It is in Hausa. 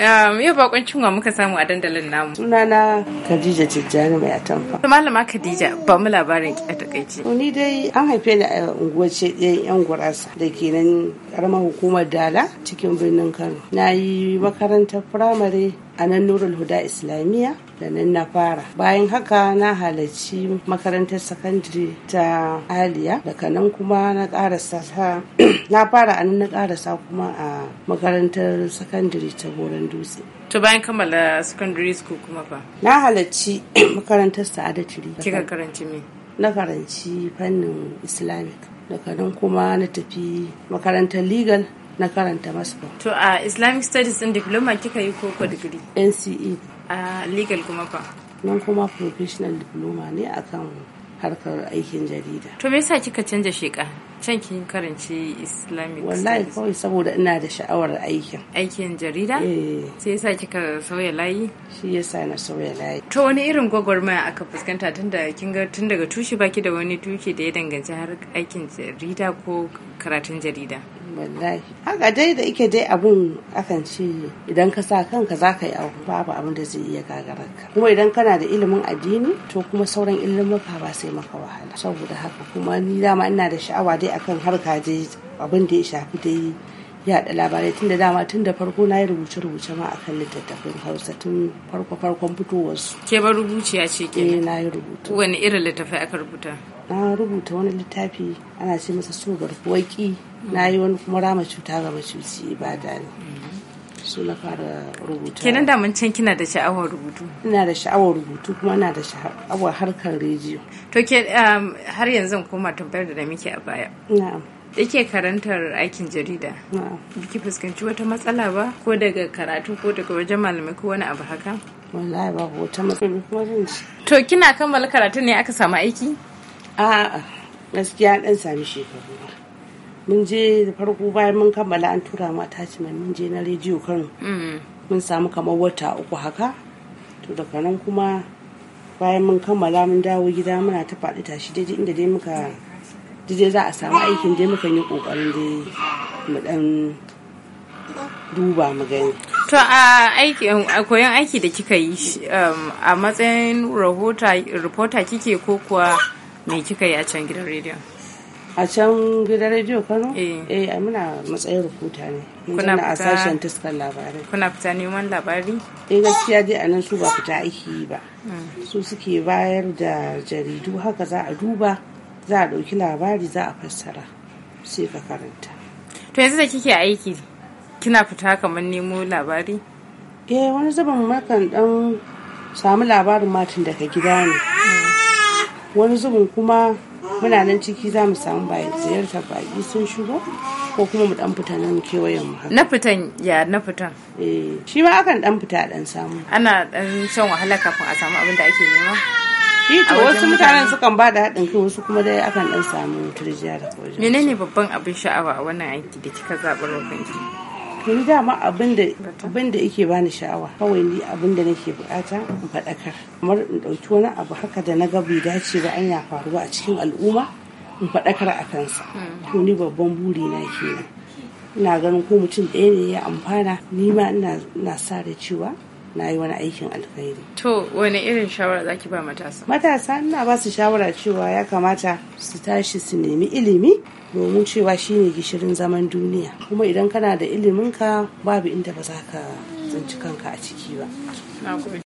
Yau bakon cinwa muka samu a dandalin namu. Sunana Khadija Tijjani mai atamfa. Malama Khadija ba mu labarin ki a takaice. Ni dai an haife ni a unguwar ce yan gurasa da ke nan karamar hukumar Dala cikin birnin Kano. Na yi makarantar firamare a nan nurul huda islamiyya da nan na fara bayan haka na halarci makarantar sakandare ta aliya daga nan kuma na karasa ta na fara a nan na karasa kuma a makarantar sakandare ta goron dutse to bayan kammala secondary school kuma fa na halarci makarantar sa'adatiri kika karanci me na karanci fannin islamic daga nan kuma na tafi makarantar legal na karanta master to a islamic studies din diploma kika yi koko digiri nce a legal kuma fa nan kuma professional diploma ne akan harkar aikin jarida to me yasa kika canza sheka can kin karanci islamic wallahi kawai saboda ina da sha'awar aikin aikin jarida eh. sai yasa kika sauya layi shi yasa na sauya layi to wani irin gwagwarmaya aka fuskanta tun da kin ga tun daga tushe baki da wani duki da ya danganci har aikin jarida ko karatun jarida wallahi haka dai da ike dai abun akan ce idan ka sa kanka za ka yi abu babu abin da zai iya gagarar ka kuma idan kana da ilimin addini to kuma sauran ilimuka ba sai maka wahala saboda haka kuma ni dama ina da sha'awa dai akan harka dai abin da ya shafi dai yaɗa labarai tun da dama tun da farko na yi rubuce-rubuce ma akan littattafin hausa tun farko-farkon fitowarsu. ke ba rubuciya ce ke eh, na yi rubutu wani irin littattafai aka rubuta na rubuta wani littafi ana ce masa so garkuwaki na yi wani kuma rama cuta ga macuci da ne su na fara rubuta. kenan da mun can kina da sha'awar rubutu ina da sha'awar rubutu kuma ina da sha'awar harkar rediyo to ke um, har yanzu koma tambayar da muke a baya na'am yake karantar aikin jarida biki fuskanci wata matsala ba ko daga karatu ko daga wajen malamai ko wani abu haka wallahi ba wata matsala to kina kammala karatu ne aka samu aiki a'a gaskiya ɗan sami shekaru ba mun je da farko bayan mun kammala an tura mu attachment mun je na rediyo kano mm. mun samu kamar wata uku haka to daga nan kuma bayan mun kammala mun dawo gida muna ta faɗi tashi daidai inda dai muka daidai za a samu aikin dai muka yi ƙoƙarin dai mu ɗan duba mu gani to a aikin a koyon aiki da kika yi um, a matsayin rahota kike ko kuwa me kika yi a can gidan rediyo a can gidan rediyo kano eh, eh muna matsayin rubuta ne kuna a sashen taskar labarai kuna fita neman labari eh gaskiya dai anan su ba fita aiki ba hmm. su suke bayar da jaridu haka za a duba za a ɗauki labari za a fassara sai ka karanta to yanzu da kike aiki kina fita kamar nemo labari eh wani zaman makan dan samu labarin matin daga gida ne hmm. wani zubin kuma muna nan ciki za mu samu bayan ziyartar baki sun shigo ko kuma mu dan fita nan kewayen mu na fitan ya na fitan eh shi ma akan dan fita dan samu ana dan shan wahala kafin a samu abin da ake nema shi to wasu mutanen sukan ba da haɗin kai wasu kuma dai akan dan samu turjiya da kwaje menene babban abin sha'awa a wannan aiki da kika zaɓi kanki ni dama abin da yake bani sha'awa kawai ni abin da nake bukata in faɗakar kamar in ɗauki wani abu haka da na ga bai dace ba an ya faruwa a cikin al'umma in faɗakar a kansa hmm. to ni babban buri na kenan ina ganin ko mutum ɗaya ne ya amfana ni ma ina sa da cewa na yi wani aikin alkhairi to wani irin shawara ki ba matasa matasa ina ba su shawara cewa ya kamata su tashi su nemi ilimi domin cewa shine gishirin zaman duniya kuma idan kana da iliminka babu inda ba za ka zanci kanka a ciki ba